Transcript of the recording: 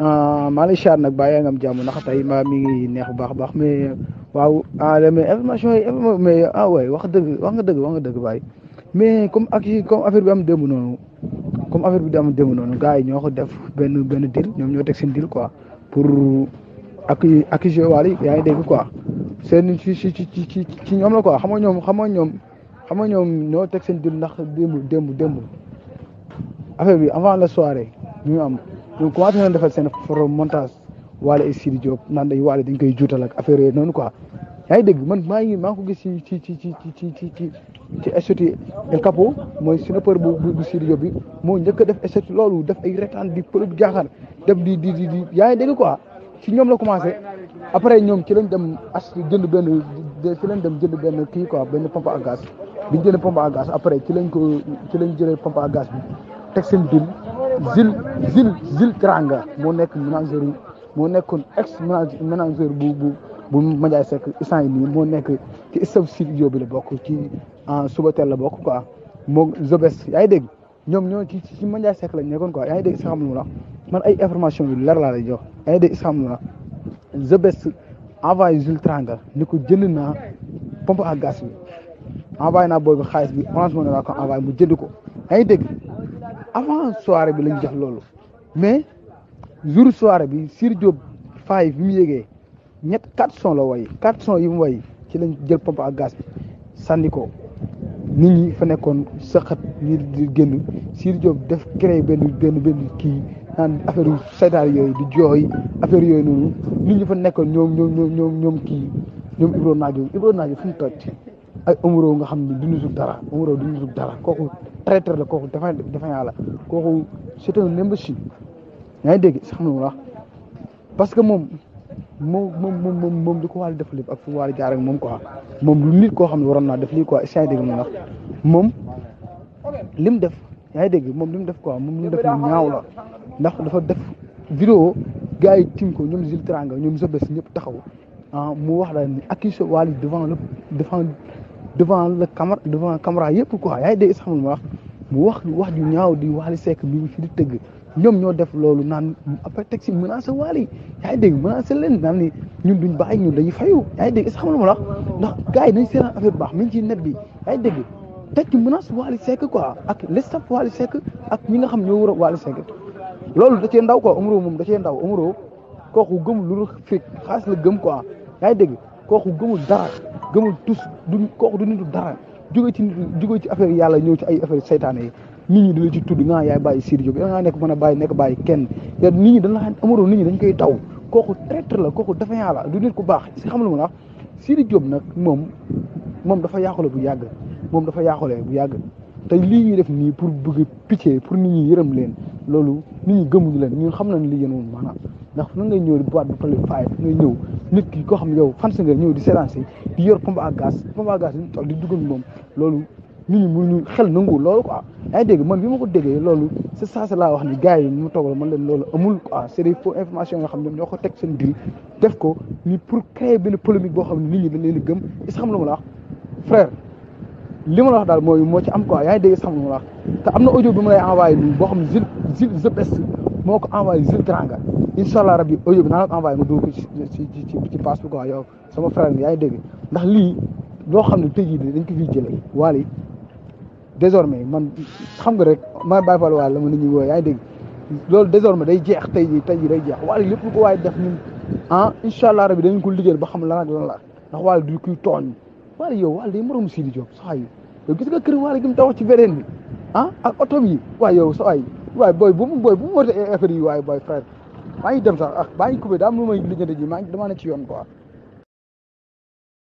Ah, maa ngi nag bàyyi nga am jàmm ndax tey maa mi ngi neex baax a baax mais waaw ah mais information yi mais ah waay wax dëgg wax nga dëgg wax nga dëgg bàyyi mais comme ak comme affaire bi am démb noonu comme affaire bi am démb noonu gars yi ñoo ko def benn benn ñoom ñoo teg seen deal quoi pour ak accusé Wally yaa ngi dégg quoi seen ci ci ci ci ci ñoom la ko xam nga ñoom xam nga ñoom xam nga ñoom ñoo teg seen deal ndax démb démb démb affaire bi avant la soirée ñu am. donc commencé nañ defal seen for montage waale ay Sidi Diop nan day waale dañ koy juutal ak affaire yooyu noonu quoi yaa ngi dégg man maa ngi maa ngi ko gis ci ci ci ci ci ci ci ci statut El mooy snapper bu bu Sidi bi moo njëkk def statut loolu def ay retaan di pëlub jaaxal def di di di yaa ngi dégg quoi ci ñoom la commencé après ñoom ci lañ dem as jënd benn ci lañ dem jënd benn kii quoi benn pompe à gaz biñ jënd pompe à gaz après ci lañ ko ci lañ jëlee pompe à bi teg seen dund. Jules Jules moo nekk manager yi moo nekkoon ex manager bu bu bu Mandiaye Seck nii moo nekk ci staff studio bi la bokk ci ah, Subatel la bokk quoi a moo yaa ngi dégg ñoom ñoo ci ci Mandiaye Seck lañ nekkoon quoi yaa ngi dégg si xam lu la man ay information yu leer laa lay jox yaa ngi dégg si xam lu la Zobes envoyé Jules Teranga ni ko jënd naa pompe à gaz xaalis bi mu jënd ko yaa ngi avant soirée bi lañ jox loolu mais jour soirée bi Sir Diop Faye bi mu yégee ñett quatre son la woy quatre son yi mu way ci lañ jël pompe ak gaz sànni ko nit ñi fa nekkoon sëqat ñi di génn Sir def créé benn benn benn kii naan affaire yu saytaal yooyu di jooy affaire yooyu noonu nit ñi fa nekkoon ñoom ñoom ñoom ñoom kii ñoom Ibro Naajo Ibro Naajo fu mu toj ak Omaro nga xam ne duñu sub dara Omaro duñu sub dara kooku traiteur la kooku dafa dafa yàlla kooku c'est un imbécile yaa ngi dégg si xam nga wax parce que moom moom moom moom moom di ko war def lépp ak fu mu war a jaar ak moom quoi moom lu koo xam ne waroon naa def lii quoi si yaa ngi dégg moom wax li mu def yaa ngi dégg moom li mu def ko moom li mu def lu ñaaw la ndax dafa def vidéo gars yi tim ko ñoom Zil Teranga ñoom Zobes ñëpp taxaw ah mu wax daal ni accuse Wally devant devant le caméra devant caméra yëpp quoi yaay dee isxamul ma wax mu wax wax ju ñaaw di Wally Seck bi fi di tëgg ñoom ñoo def loolu naan après teg si menacé Wally yaa ngi dégg menacé leen naan ni ñun duñ ay ñun dañuy fayu yaa ngi dégg est-ce que lu ma la wax ndax gars yi dañ seetaan affaire bu baax mi ngi ci net bi yaa ngi dégg teg ci menacé Wally Seck quoi ak l'estape Wally Seck ak ñi xam ñoo war a Wally loolu da cee ndaw quoi Omaro moom da cee ndaw Omaro kooku gëm lu fekk xaalis la gëm quoi yaa ngi dégg kooku gëmul dara gëmul tus du kooku du nitu dara jóge ci jóge ci affaire yàlla ñëw ci ay affaire seytaane nit ñi dina ci tudd nga yaay bàyyi Sidy Diop da ngaa nekk mën a bàyyi nekk bàyyi kenn te nit ñi dañ la amaroo nit ñi dañ koy daw kooku traître la kooku dafa yàlla du nit ku baax si xam lu ma wax Sidy Diop nag moom moom dafa yaaxule bu yàgg moom dafa yaaxulee bu yàgg te lii ñuy def nii pour bëgg pitié pour nit ñi yërëm leen loolu nit ñi gëmuñu leen ñun xam nañ li yéen woon maanaam ndax na ngay ñëw boîte bu ngay ñëw nit ki koo xam ne yow fan sa nga ñëw di sélancé di yor pompe à gaz pompe à gaz di toog di dugal moom loolu nit ñi mënuñu xel nangu loolu quoi yaa ngi dégg man bi ma ko déggee loolu c'est ça c'est laa wax ni gars yi mu toogal man leen loolu amul quoi c'est des faux informations xam ne ñoo ko teg seen dil def ko ni pour créer benn polémique boo xam ne nit ñi dañ leen a gëm is xam lu ma la wax li ma la wax daal mooy moo ci am quoi yaa ngi dégg is xam lu ma la am na audio bi ma envoyé nii boo xam ne zil zil zepes moo ko envoyé zil teranga incha allah rabi audio bi naa la envoyé nga dugg ko ci ci ci passe bi quoi yaa ngi dégg ndax lii loo xam ne tey jii dañ ko fiy jëlee waale désormais man xam nga rek ma bàyyi fal la ma nit ñi woo yaa ngi dégg loolu désormais day jeex tey jii tey jii day jeex waale lépp ko waaye def ñun ah incha allah rabi dañu ko liggéeyal ba xam lan ak lan la ndax waale kuy tooñ waale yow waale day moromu Sidi Diop saa yi yow gis nga kër waale gi mu taxaw ci beneen bi ah ak oto yi waaye yow saa ay waaye booy bu mu booy bu mu woote yi waaye booy maa ngi dem sax ah maa ngi coupé daa am lu may lijjanti ji maa ngi dama ne ci yoon quoi